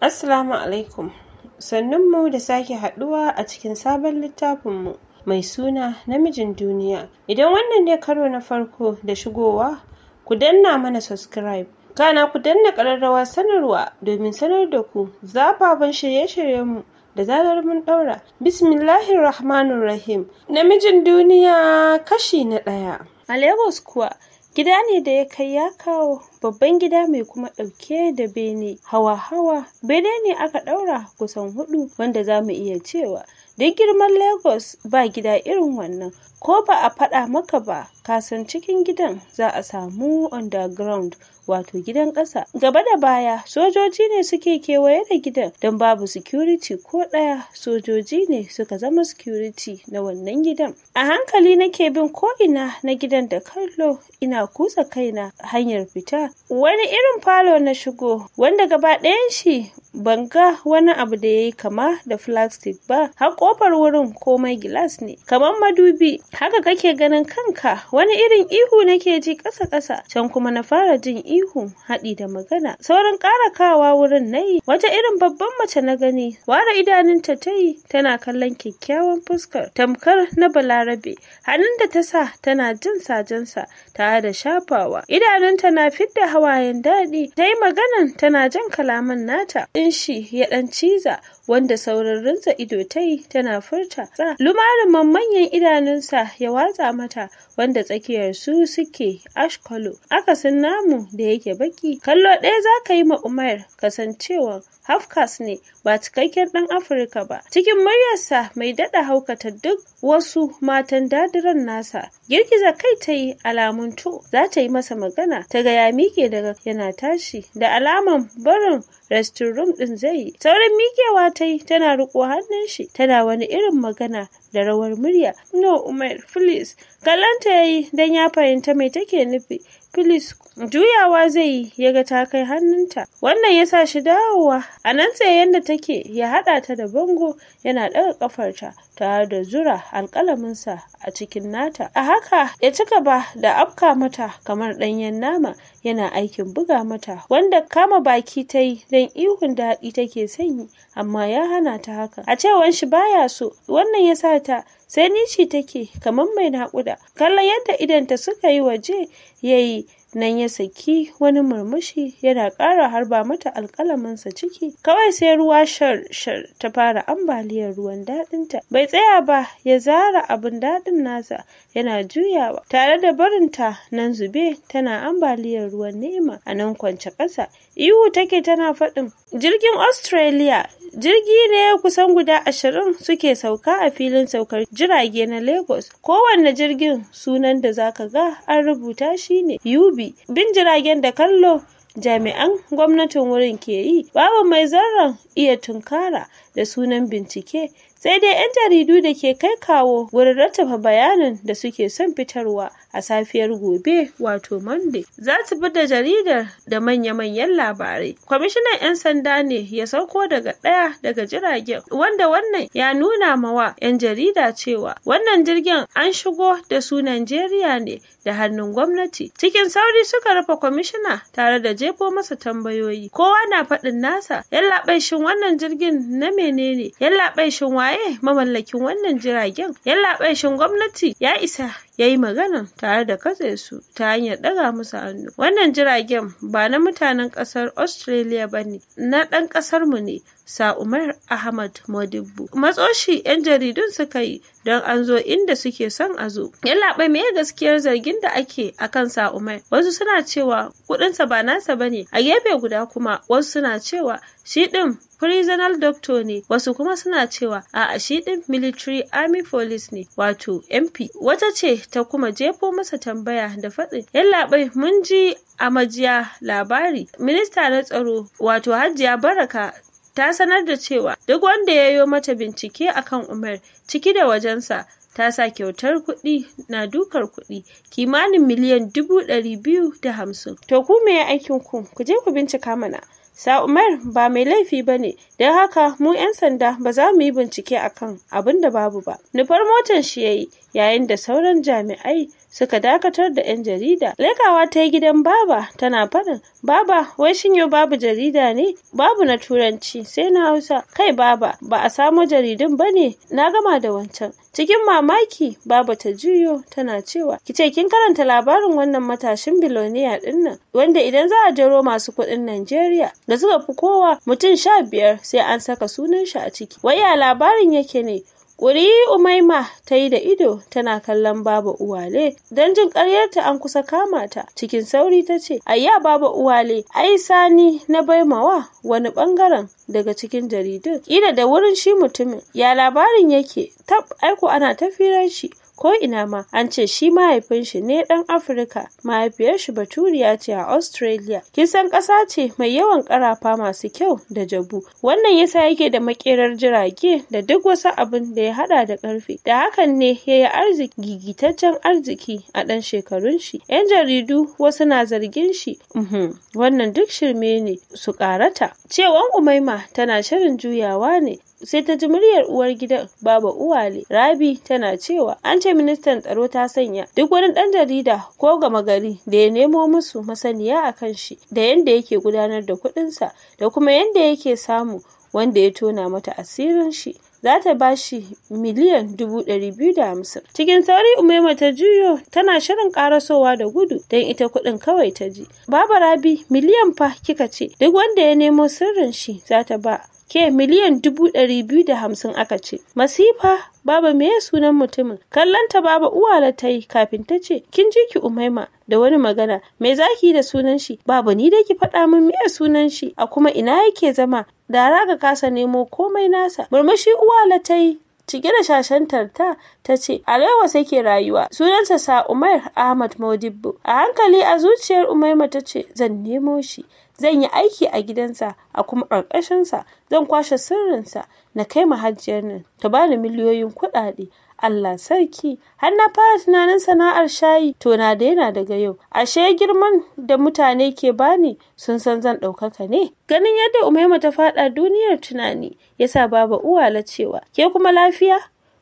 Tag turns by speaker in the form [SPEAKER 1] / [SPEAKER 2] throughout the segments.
[SPEAKER 1] Assalamu alaikum. Sannunmu da sake haɗuwa a cikin sabon littafinmu mai suna namijin duniya. Idan wannan ne karo na farko da shigowa, ku danna mana subscribe. Kana ku danna kararrawa sanarwa domin sanar da ku zafafan shirye-shiryenmu da zarar mun ɗaura. Bismillahirrahmanirrahim. Namijin duniya kashi na ɗaya. A Lagos kuwa Gida ne da ya kai ya kawo babban gida mai kuma ɗauke da bene hawa-hawa. Bene ne aka ɗaura kusan hudu wanda za mu iya cewa duk girman Lagos ba gida irin wannan ko ba a faɗa maka ba kasan cikin gidan za a samu underground wato gidan ƙasa. Gaba da baya sojoji ne suke kewaye da gidan don babu security ko ɗaya sojoji ne suka zama security na wannan gidan. A hankali nake bin ko'ina na gidan da kallo ina kusa kaina hanyar fita. Wani irin falo na shigo wanda gaba ɗayan shi ban ga wani abu da ya yi kama da plastic ba har kofar wurin komai gilas ne kamar madubi haka kake ganin kanka wani irin ihu nake ji ƙasa ƙasa can kuma na fara jin ihu ihu haɗi da magana saurin ƙara kawa wurin nayi wata irin babban mace na gani ware idanunta ta yi tana kallon kyakkyawan fuskar tamkar na balarabe hannun da ta sa tana jin sajensa tare da shafawa idanunta na fidda hawayen daɗi ta yi maganan tana jan kalaman nata in shi ya ɗan ciza wanda saurarinsa ido ta tana furta lumarin manyan idanunsa ya watsa mata wanda tsakiyar su suke ashkolo akasin namu da yake baki kallo ɗaya za ka yi ma Umar kasancewa Hafkas ne ba cikakken ɗan Afirka ba. Cikin muryarsa mai daɗa haukata duk wasu matan dadiran nasa. Girgiza kai ta yi alamun to za ta yi masa magana ta gaya ya miƙe daga yana tashi da alaman barin restroom ɗin zai yi. Sauran mikewa ta yi tana riƙo hannun shi tana wani irin magana da rawar murya no umar please kallanta ya yi don ya fahimta mai take nufi Filis juyawa zai yi ya ga ta kai hannunta. Wannan ya sa shi dawowa. A nan tsayen da take ya haɗa ta da bango yana ɗaga ƙafarta. tare da zura alƙalaminsa a cikin nata a haka ya ci gaba da afka mata kamar ɗanyen nama yana aikin buga mata wanda kama baki ta yi don ihun daɗi take sanyi amma ya hana ta haka a cewar shi baya so wannan ya sa ta sai nishi take kamar mai naƙuda kallon yadda idanta suka yi waje ya yi. nan ya saki wani murmushi yana ƙara harba mata alkalaminsa ciki kawai sai ruwa shar shar ta fara ambaliyar ruwan daɗinta bai tsaya ba ya zara abin daɗin nasa yana juyawa tare da barinta nan zube tana ambaliyar ruwan nema a nan kwance ƙasa ihu take tana faɗin jirgin australia jirgi ne kusan guda ashirin suke sauka a filin saukar jirage na lagos kowanne jirgin sunan da zaka ga an rubuta shine ub zubi bin jiragen da kallo jami'an gwamnatin wurin ke yi babu mai zarra iya tunkara da sunan bincike sai dai 'yan jaridu da ke kai kawo wurin rattaba bayanin da suke son fitarwa a safiyar gobe wato monday za su bi da jaridar da manya-manyan labarai kwamishinan 'yan sanda ne ya sauko daga ɗaya daga jiragen wanda wannan ya nuna mawa 'yan jarida cewa wannan jirgin an shigo da su najeriya ne da hannun gwamnati cikin sauri suka rufe kwamishina tare da jefo masa tambayoyi kowa na faɗin nasa yallaɓai shin wannan jirgin na menene yallaɓai shin waye mamallakin wannan jiragen yallaɓai shin gwamnati ya isa ya yi magana tare da katse su ta hanyar ɗaga musu hannu. Wannan jiragen ba na mutanen ƙasar Australia ba ne, na ɗan ƙasarmu ne, sa Umar Ahmad Modibbo. Matsoshi 'yan jaridun suka yi don an zo inda suke son a zo. Yallaɓai me gaskiyar zargin da ake akan sa Umar? Wasu suna cewa kuɗinsa ba nasa ba ne, a gefe guda kuma wasu suna cewa shi ɗin prisonal doctor ne, wasu kuma suna cewa a'a shi ɗin military army police ne, wato MP. Wata ce ta kuma jefo masa tambaya da fatsi. yallaɓai mun ji a majiya labari minista na tsaro wato hajiya baraka ta sanar da cewa duk wanda ya yi mata bincike akan umar ciki da wajensa ta sa kyautar kuɗi na dukar kuɗi kimanin miliyan dubu ɗari biyu da hamsin to ku me aikin ku ku je ku bincika mana Sa Umar ba mai laifi ba ne, don haka mu 'yan sanda ba za mu yi bincike akan abin da babu ba. Nufar motar shi ya yi, yayin da sauran jami'ai suka dakatar da 'yan jarida. Lekawa ta yi gidan Baba tana faɗin, Baba, wai shin yau babu jarida ne? Babu na Turanci, sai na Hausa. Kai Baba, ba a samo jaridun ba ne, na gama da wancan. Cikin mamaki, Baba ta juyo tana cewa, ki ce kin karanta labarin wannan matashin biloniya dinnan? wanda idan za a jaro masu kuɗin Najeriya da suka fi kowa mutum sha biyar sai an saka sunan shi a ciki. Wai ya labarin yake ne? wuri Umaima ta yi da ido tana kallon Baba Uwale don jin ƙaryarta an kusa kama ta. Cikin sauri ta ce, "Ayya Baba Uwale, ai sani na baimawa wani ɓangaren daga cikin jaridun. Ƙila da wurin shi mutumin. Ya labarin yake, tab aiko ana ta shi. ko ina ma an ce shi mahaifin shi ne dan Afirka mahaifiyar shi baturiya ce a Australia kisan ƙasa ce mai yawan ƙarafa masu kyau da jabu wannan yasa yake da makerar jirage da duk wasu abin da ya hada da ƙarfe da hakan ne ya yi arziki gigitaccen arziki a ɗan shekarun shi yan jaridu wasu na zargin shi uhm, wannan duk shirme ne su ƙarata cewan Umaima tana shirin juyawa ne sai ta ji muryar uwar gidan baba uwale rabi tana cewa an ce ministan tsaro ta sanya duk wani dan jarida ko gama gari da ya nemo musu masaniya a kan shi da yadda yake gudanar da kuɗinsa da kuma yadda yake samu wanda ya tona mata asirin shi za ta ba shi miliyan dubu ɗari biyu da hamsin. Cikin sauri Umaima ta juyo tana shirin karasowa da gudu don ita kuɗin kawai ta ji. Baba Rabi miliyan fa kika ce duk wanda ya nemo sirrin shi za ta ba ke miliyan dubu ɗari biyu da hamsin aka ce masifa baba me sunan mutumin kallanta baba uwala ta yi kafin ta ce kin ji ki umaima da wani magana me zaki yi da sunan shi baba ni da ki faɗa min me sunan shi a kuma ina yake zama da raga kasa nemo komai nasa murmushi uwala ta yi cike da shashantar ta ta ce alewa sai ke rayuwa sunansa sa Umar ahmad modibbo a hankali a zuciyar umaima ta ce zan nemo shi zan yi aiki a gidansa a kuma ƙarƙashinsa zan kwashe sirrinsa na kai mahajjiyar nan ta ba bani miliyoyin kuɗaɗe Allah sarki har na fara tunanin sana'ar shayi to na daina daga yau ashe girman da mutane ke bani sun san zan ɗaukaka ne ganin yadda umaima ta faɗa duniyar tunani ya sa baba uwale cewa ke kuma lafiya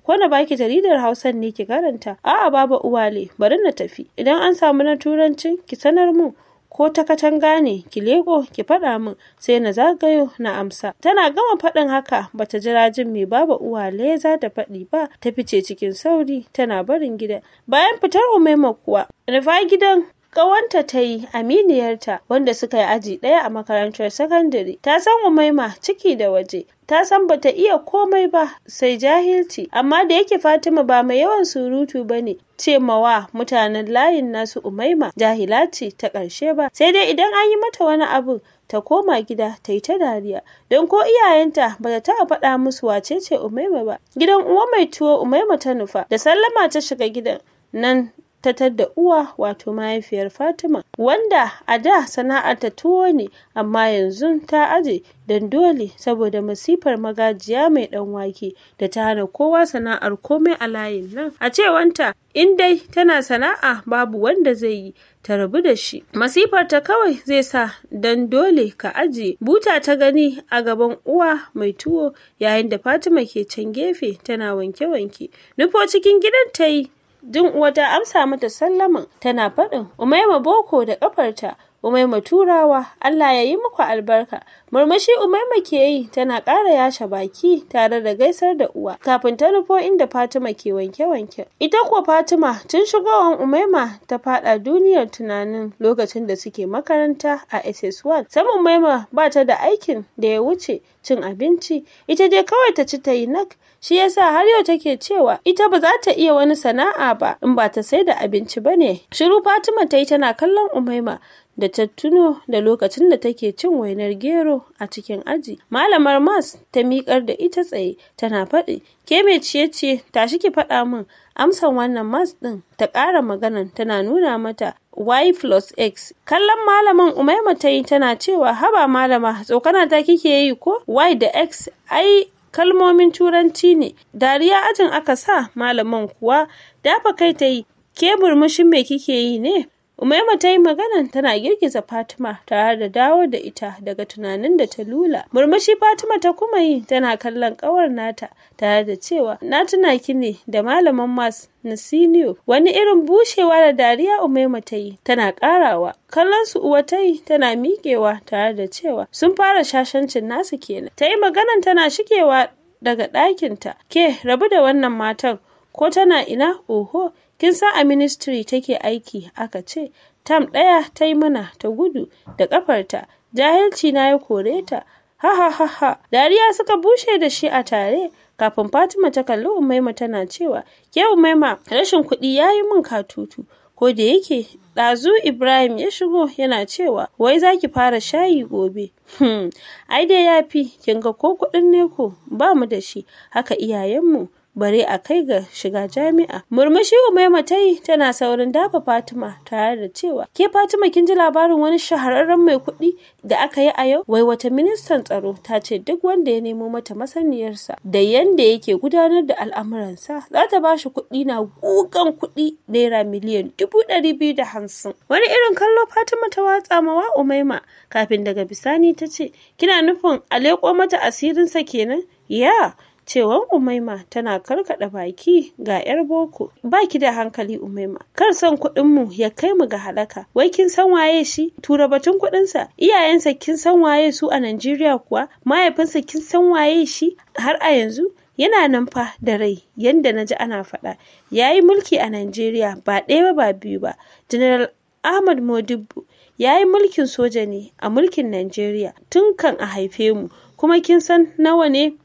[SPEAKER 1] ko na baki jaridar hausan ne ki karanta a'a baba uwale bari na tafi idan an samu na turancin ki sanar mu ko ta katanga ne ki leko ki faɗa min sai na zagayo na amsa tana gama faɗin haka bata jira jin mai baba uwa leza da faɗi ba ta fice cikin sauri tana barin gida bayan fitar umaima kuwa rufa gidan kawanta ta yi aminiyarta wanda suka yi aji ɗaya a makarantar sakandare. Ta san Umaima ciki da waje, ta san ba ta iya komai ba sai jahilci, amma da yake Fatima ba mai yawan surutu ba ne, ce mawa mutanen layin nasu Umaima jahilaci ta ƙarshe ba, sai dai idan an yi mata wani abu ta koma gida ta yi ta dariya don ko iyayenta ba ta taɓa faɗa musu wace ce Umaima ba. Gidan uwa mai tuwo Umaima ta nufa da sallama ta shiga gidan nan tatar da uwa wato mahaifiyar Fatima wanda a da sana'ar ta tuwo ne amma yanzu ta aje don dole saboda masifar magajiya mai dan wake da ta hana kowa sana'ar komai a layin nan a cewanta in dai tana sana'a babu wanda zai yi ta rabu da shi masifar ta kawai zai sa don dole ka aje buta ta gani a gaban uwa mai tuwo yayin da Fatima ke can gefe tana wanke-wanke nufo cikin gidan ta yi din uwa ta amsa mata sallama tana faɗin umaima boko da ƙafarta Umaima Turawa, Allah ya yi muku albarka. Murmushi Umaima ke yi tana ƙara yashe baki tare da gaisar da uwa kafin ta nufo inda Fatima ke wanke-wanke. Ita kuwa Fatima tun shigowar Umaima ta faɗa duniyar tunanin lokacin da suke makaranta a SS1. Sam Umaima ba ta da aikin da ya wuce cin abinci ita dai kawai ta ci ta yi nak shi yasa har yau take cewa ita ba za ta iya wani sana'a ba in ba ta sai da abinci ba ne shiru fatima ta yi tana kallon umaima da ta tuno da lokacin da take cin wainar gero a cikin aji malamar mas ta miƙar da ita tsaye tana faɗi ke mai ciye-ciye tashi ki faɗa min amsan wannan mas ɗin ta ƙara maganan tana nuna mata y plus x kallon malaman umaima ta yi tana cewa haba malama tsokana ta kike yi ko y da x ai kalmomin turanci ne dariya ajin aka sa malaman kuwa dafa kai ta yi ke murmushin me kike yi ne Umaima ta yi magana tana girgiza Fatima tare da dawo da ita daga tunanin da ta lula. Murmushi Fatima ta kuma yi tana kallon kawar nata tare da cewa na tuna ne da malaman mas na senior. Wani irin bushewa da dariya Umaima ta yi tana karawa. Kallon su uwa ta yi tana miƙewa tare da cewa sun fara shashancin nasu kenan. Ta yi magana tana shigewa daga ɗakinta. Ke rabu da wannan matan ko tana ina oho kin sa a ministry take aiki aka ce tam ɗaya ta yi mana ta gudu da ƙafarta jahilci na ya kore ta ha ha ha ha dariya suka bushe da shi a tare kafin fatima ta kalli umaima tana cewa ke umaima rashin kuɗi ya yi min katutu ko da yake ɗazu ibrahim ya shigo yana cewa wai za ki fara shayi gobe hmm. ai dai ya fi kin ga ko kuɗin neko ba mu da shi haka iyayenmu bare a kai ga shiga jami'a murmushi umaima ta yi tana saurin dafa fatima tare da cewa ke fatima kin ji labarin wani shahararren mai kuɗi da aka yi a yau wai wata ministan tsaro ta ce duk wanda ya nemo mata masaniyarsa da yanda yake gudanar da al'amuransa za ta ba shi kuɗi na gugan kuɗi naira miliyan dubu ɗari biyu da hamsin wani irin kallo fatima ta watsa mawa umaima kafin daga bisani ta ce kina nufin a leƙo mata asirinsa kenan ya cewan umaima tana karkada baki ga yar boko baki da hankali umaima kar son kuɗin mu ya kai mu ga halaka wai kin san waye shi tura batun kuɗin sa iyayensa kin san waye su a Najeriya kuwa mahaifinsa kin san waye shi har a yanzu yana nan fa da rai yanda na ji ana faɗa yayi mulki a Najeriya ba ɗaya ba biyu ba General Ahmad Modibbo ya yi mulkin soja ne a mulkin Najeriya tun kan a haife mu kuma kin san nawa ne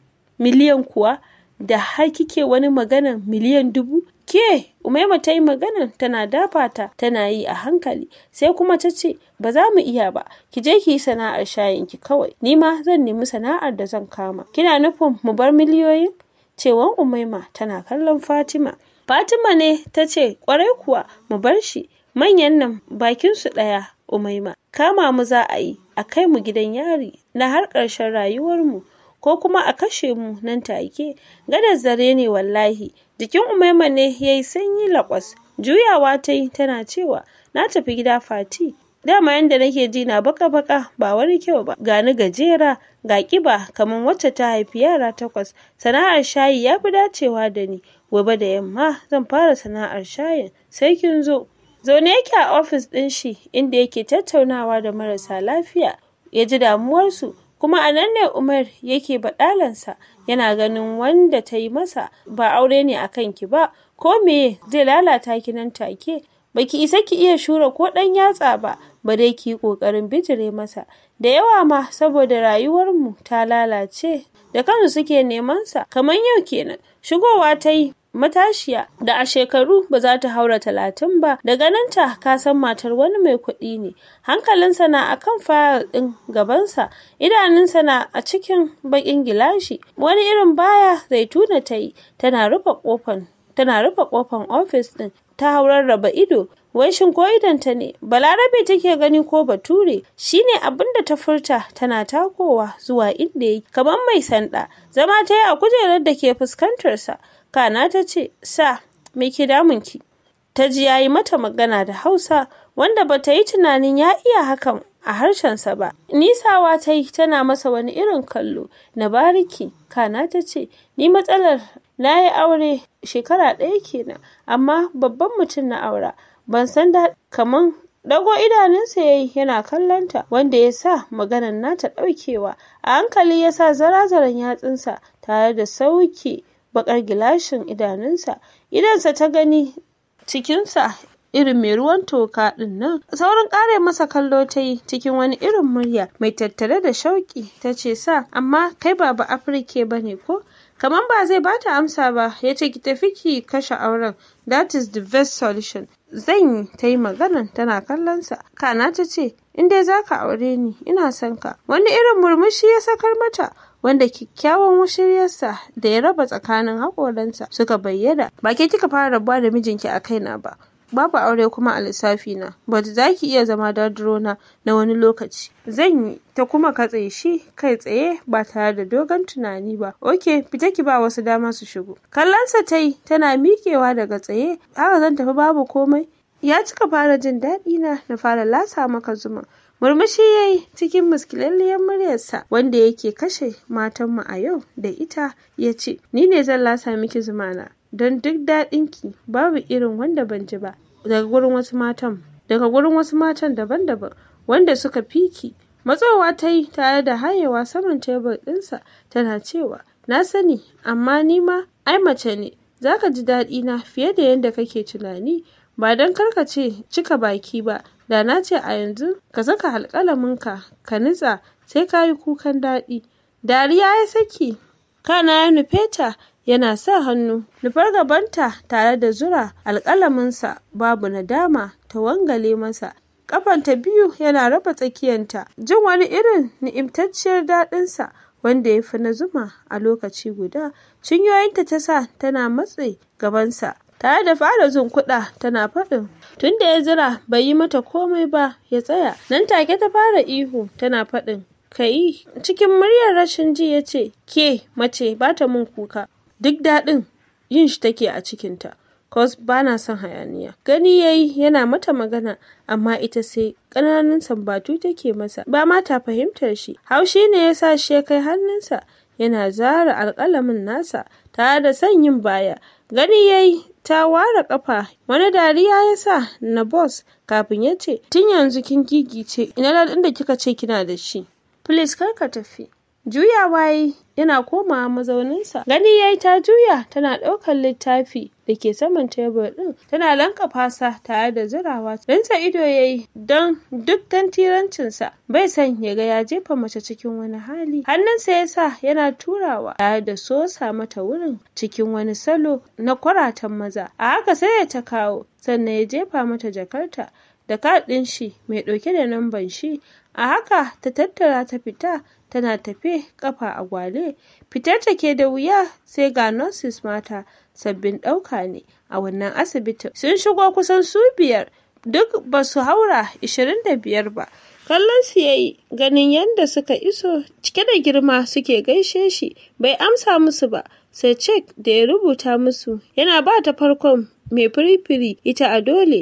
[SPEAKER 1] miliyan kuwa da har kike wani magana miliyan dubu ke umaima ta yi magana tana dafa ta tana yi a hankali sai kuma ta ce ba za mu iya ba ki je ki yi sana'ar shayin ki kawai ni ma zan nemi sana'ar da zan kama kina nufin mu bar miliyoyin cewan umaima tana kallon fatima fatima ne ta ce kwarai kuwa mu bar shi manyan nan bakin su daya. umaima kama mu za a yi a kai mu gidan yari na har ƙarshen rayuwarmu ko kuma a kashe mu nan take gadar zare ne wallahi jikin umaima ne ya yi sanyi lakwas juyawa ta yi tana cewa na tafi gida fati dama yadda nake ji na baka baka ba wani kyau ba gani gajera ga kiba kamar wacce ta haifi yara takwas sana'ar shayi ya fi dacewa da ni gobe da yamma zan fara sana'ar shayin sai kin zo zaune yake a ofis ɗin shi inda yake tattaunawa da marasa lafiya ya ji damuwarsu kuma a nan ne Umar yake baɗalansa yana ganin wanda ta yi masa ba aure ne a kanki ba ko me zai lalata ki nan take baki isa ki iya shura ko ɗan yatsa ba Ba dai ki yi ƙoƙarin bijire masa da yawa ma saboda rayuwarmu ta lalace da kansu suke nemansa kamar yau kenan shigowa ta yi matashiya da a shekaru ba za ta haura talatin ba da ganinta ka san matar wani mai kuɗi ne hankalinsa na a kan fayil ɗin gabansa idanunsa na a cikin baƙin gilashi wani irin baya zai tuna ta yi tana rufe ƙofan ofis ɗin ta haurar raba ido wai shin ko idanta ne balarabe take gani ko bature shine abin da ta furta tana takowa zuwa inda yake kamar mai sanda zama ta yi a kujerar da ke fuskantarsa kana ta ce sa me ke ki? ta ji ya yi mata magana da hausa wanda ba ta yi tunanin ya iya hakan a harshensa ba nisawa ta yi tana masa wani irin kallo na bariki kana ta ce ni matsalar na yi aure shekara ɗaya kenan amma babban mutum na aura ban san da kaman dago idanunsa ya yi yana kallonta wanda ya sa maganan nata ɗaukewa a hankali ya sa zarazaran yatsunsa tare da sauke bakar gilashin idanunsa idansa ta gani cikinsa irin mai ruwan toka din nan saurin kare masa kallo ta yi cikin wani irin murya mai tattare da shauki ta ce sa amma kai ba ba afirke ba ne ko Kamar ba zai bata amsa ba ya ce ki tafi ki kashe auren that is the best solution zan yi ta yi maganan tana kallon sa. kana ta ce in dai za ka aure ni ina son ka wani irin murmushi ya sakar mata wanda kyakkyawan shiryarsa da ya raba tsakanin haƙoransa suka bayyana ba ke kika fara rabuwa da mijinki a kaina ba babu aure kuma a lissafina but za ki iya zama dadurona na wani lokaci zan yi ta kuma katse shi kai tsaye ba tare da dogon tunani ba ok fita ki ba wasu dama su shigo kallonsa ta yi tana miƙewa daga tsaye haka zan tafi babu komai ya cika fara jin daɗi na na fara lasa maka zuma murmushi ya yi cikin muskilalliyar muryarsa wanda yake kashe matanmu a yau da ita ya ce ni ne zan lasa miki zuma na. don duk daɗinki babu irin wanda ban ji ba daga gurin wasu matan daga gurin wasu matan daban-daban wanda suka fiki matsowa ta yi tare da hayewa saman tebur ɗinsa tana cewa na sani amma ni ma ai mace ne zaka ji daɗi na fiye da yadda kake tunani ba don ce cika baki ba da na ce a yanzu ka saka alƙalaminka ka ka nitsa sai ka yi kukan daɗi dariya ya saki kana ya nufeta yana sa hannu nufar gabanta tare da zura alƙalaminsa babu nadama ta wangale masa ƙafanta biyu yana raba tsakiyanta jin wani irin ni'imtacciyar daɗinsa wanda ya fi na zuma a lokaci guda cinyoyinta ta sa tana matse gabansa tare da fara zun kuɗa tana faɗin tunda ya zira bai yi mata komai ba ya tsaya nan take ta fara ihu tana faɗin ka yi cikin muryar rashin ji ya ce ke mace ba ta mun kuka Duk daɗin yin shi take a cikinta, kos ba na son hayaniya. Gani ya yi yana mata magana, amma ita sai ƙananan sambatu take masa, ba ma ta fahimtar shi. Haushi ne ya sa shi ya kai hannunsa, yana zara alƙalamin nasa, tare da son yin baya. Gani ya yi ta ware ƙafa, wani dariya ya sa na bos kafin ya ce, Tun yanzu kin gigice, ina dadin da kika ce kina da shi. Please kar ka tafi. juya wayi yana komawa mazauninsa gani ya ta juya tana ɗaukar littafi da ke saman tebur ɗin tana lanka fasa tare da zirawa rinsa ido ya yi don duk tantirancinsa bai san ya ga ya jefa mace cikin wani hali hannunsa ya sa yana turawa tare da sosa mata wurin cikin wani salo na kwaratan maza a haka sai ya ta kawo sannan ya jefa mata jakarta da kaɗin shi mai ɗauke da lamban shi a haka ta tattara ta fita tana tafe ƙafa a gwale fitar ta ke da wuya sai ga nurses mata sabbin ɗauka ne a wannan asibitin sun shigo kusan su biyar duk ba su haura biyar ba kallon su yayi ganin yadda suka iso cike da girma suke gaishe shi bai amsa musu ba sai cek da ya rubuta musu yana ba ta farkon mai firifiri ita a dole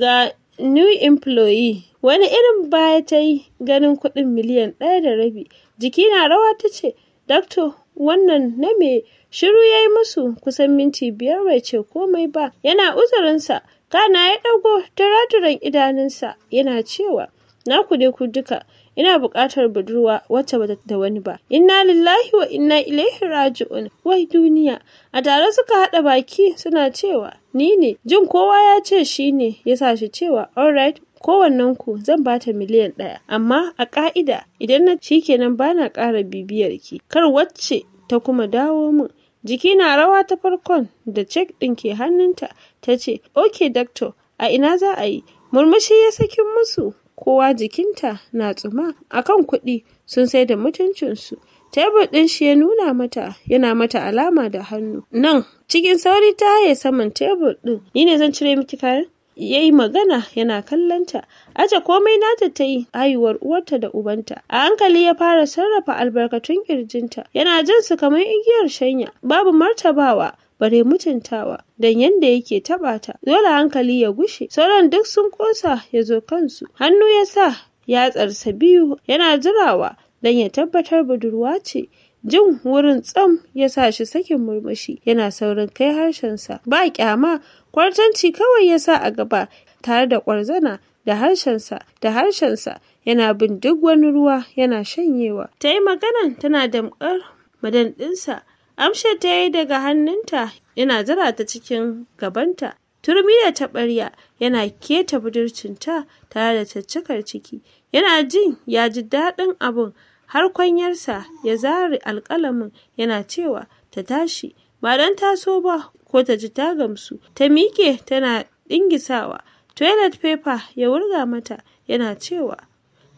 [SPEAKER 1] ga new employee Wani irin baya ta yi ganin kuɗin miliyan ɗaya da rabi, jiki na rawa ta ce, Dakto, wannan na me? Shiru ya yi musu kusan minti biyar bai ce komai ba, yana uzurinsa, kana ya ɗago taraturan idanunsa yana cewa, Na ku ne ku duka, ina buƙatar budurwa wacce ba da wani ba. Inna lillahi wa inna ilaihi raji'un, wai duniya. A tare suka haɗa baki suna cewa, Ni ne, jin kowa ya ce shi ne, ya sa shi cewa, alright. kowannenku zan bata miliyan ɗaya amma a ƙa'ida idan na shikenan bana ƙara bibiyar ki kar wacce ta kuma dawo min jiki na rawa ta farkon da cek ɗin ke hannunta ta ce ok doctor a ina za a yi murmushi ya sakin musu kowa jikinta na tsuma akan kuɗi sun sai da mutuncinsu tebur ɗin shi ya nuna mata yana mata alama da hannu nan cikin sauri ta haye saman tebur ɗin ni ne zan cire miki kayan ya yi magana yana kallonta aje komai nata ta yi haihuwar uwarta da ubanta a hankali ya fara sarrafa albarkatun kirjinta yana jin su kamar igiyar shanya babu martabawa bare mutuntawa don yanda yake taba ta dole hankali ya gushe sauran duk sun kosa ya zo kansu hannu ya sa yatsarsa biyu yana jirawa don ya tabbatar budurwa ce jin wurin tsam ya sa shi sakin murmushi yana saurin kai harshensa ba kyama Kwartanci kawai ya sa a gaba tare da ƙwarzana da harshensa da harshensa yana bin duk wani ruwa yana shanyewa. Ta yi maganan tana damkar madadinsa Amshe ta yi daga hannunta yana zira ta cikin gabanta. Turmi da taɓarya yana keta budurcinta tare da caccakar ciki. Yana jin ya ji daɗin abin har kwanyarsa ya zare alƙalamin yana cewa ta tashi ba don taso ba ko ta ji ta gamsu ta miƙe tana dingisawa toilet paper ya wurga mata yana cewa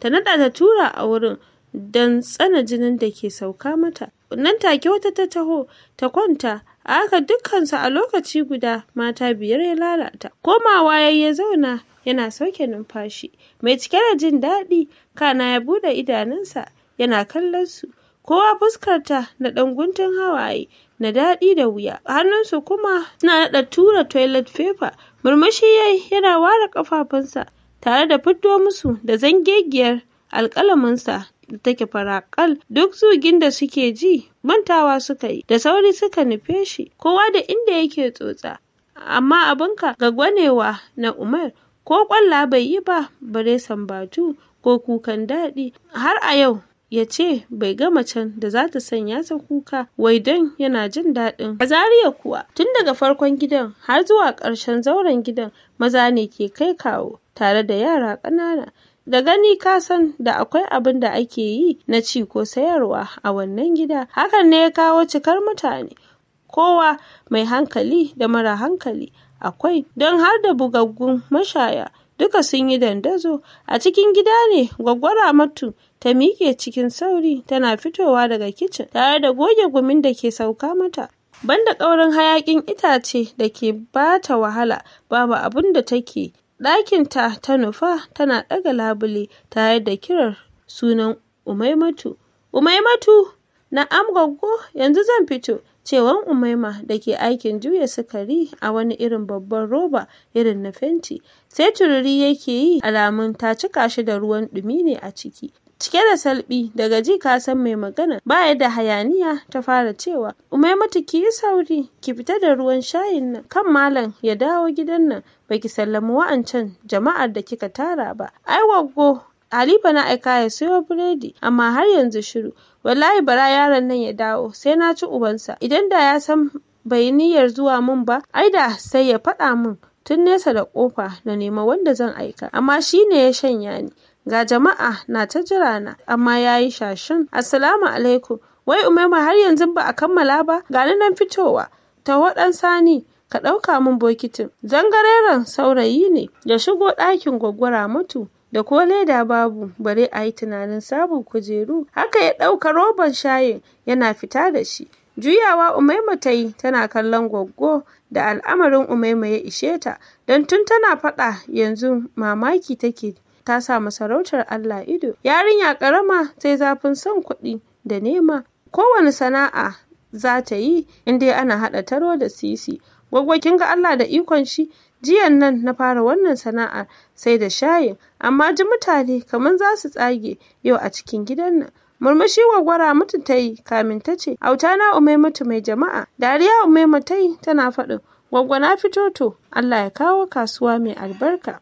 [SPEAKER 1] ta naɗa ta tura a wurin don tsana jinin da ke sauka mata nan take wata ta taho ta kwanta a haka dukkansu a lokaci guda mata biyar ya lalata komawa ya zauna yana sauke numfashi mai cike da jin daɗi kana ya bude idanunsa yana kallon su kowa fuskarta na ɗan guntun hawaye Na daɗi da wuya Hannunsu kuma na naɗa tura toilet paper murmushi yayi yana ware kafafunsa tare da fito musu da zangegiyar alƙalaminsa da take farakal duk zugin da suke ji mantawa suka yi da sauri suka nufe shi kowa da inda yake tsotsa amma abinka ga gwanewa na umar ko kwalla bai yi ba bare sambatu ko kukan daɗi har a yau ya ce bai ga macen da za ta sanya ta kuka wai don yana jin daɗin. A Zaria kuwa tun daga farkon gidan har zuwa ƙarshen zauren gidan maza ne ke kai kawo tare da yara ƙanana. Da gani ka san da akwai abin da ake yi na ci ko sayarwa a wannan gida, hakan ne ya kawo cikar mutane. Kowa mai hankali da mara hankali akwai don har da bugaggun mashaya. duka sun yi dandazo a cikin gida ne gwaggwara matu ta miƙe cikin sauri tana fitowa daga kicin tare da goge gumin da ke sauka mata banda ƙaurin hayaƙin itace da ke bata wahala babu abin da take ɗakin ta ta nufa tana ɗaga labule tare da kirar sunan umaimatu umaimatu na'am gwaggo yanzu zan fito cewan Umaima da ke aikin juya sukari a wani irin babban roba irin na fenti, sai tururi yake yi alamun ta cika shi da ruwan ɗumi ne a ciki. Cike da salɓi daga ji ka san mai magana baya da hayaniya ta fara cewa ta ki yi sauri ki fita da ruwan shayin nan kan malam ya dawo gidan nan baki sallami wa'ancan jama'ar da kika tara ba. Ai waggo Halifa na aika ya siyo biredi amma har yanzu shiru. Wallahi bara yaron nan ya dawo sai na ci ubansa. Idan da ya san bai niyyar zuwa mun ba, ai da sai ya faɗa mun tun nesa da ƙofa na nema wanda zan aika. Amma shi ne ya shanya ni. Ga jama'a na ta jira na, amma ya yi shashin. Assalamu alaikum. Wai Umaima har yanzu ba a kammala ba? Gani nan fitowa. Taho ɗan sani. ka ɗauka mun bokitin. Zangareren saurayi ne, ya shigo ɗakin gwaggwara mutu. da ko leda babu bari a yi tunanin sabon kujeru haka ya ɗauka roban shayin yana fita da shi juyawa umaima ta yi tana kallon gwaggo da al'amarin umaima ya ishe ta don tun tana faɗa yanzu mamaki take ta sa sarautar allah ido yarinya ƙarama sai zafin son kuɗi da nema kowane sana'a za ta yi inda ana haɗa taro da sisi gwaggo kin ga allah da ikon shi Jiyan nan na fara wannan sana'ar sai da shayin, amma ji mutane kamar za su tsage yau a cikin gidan nan. Murmushi gwaggwara mutu ta yi kamin ta ce, auta na umaimatu mai jama'a, dariya umaima mutai tana faɗin, gwaggwa na fito to, Allah ya kawo kasuwa mai albarka.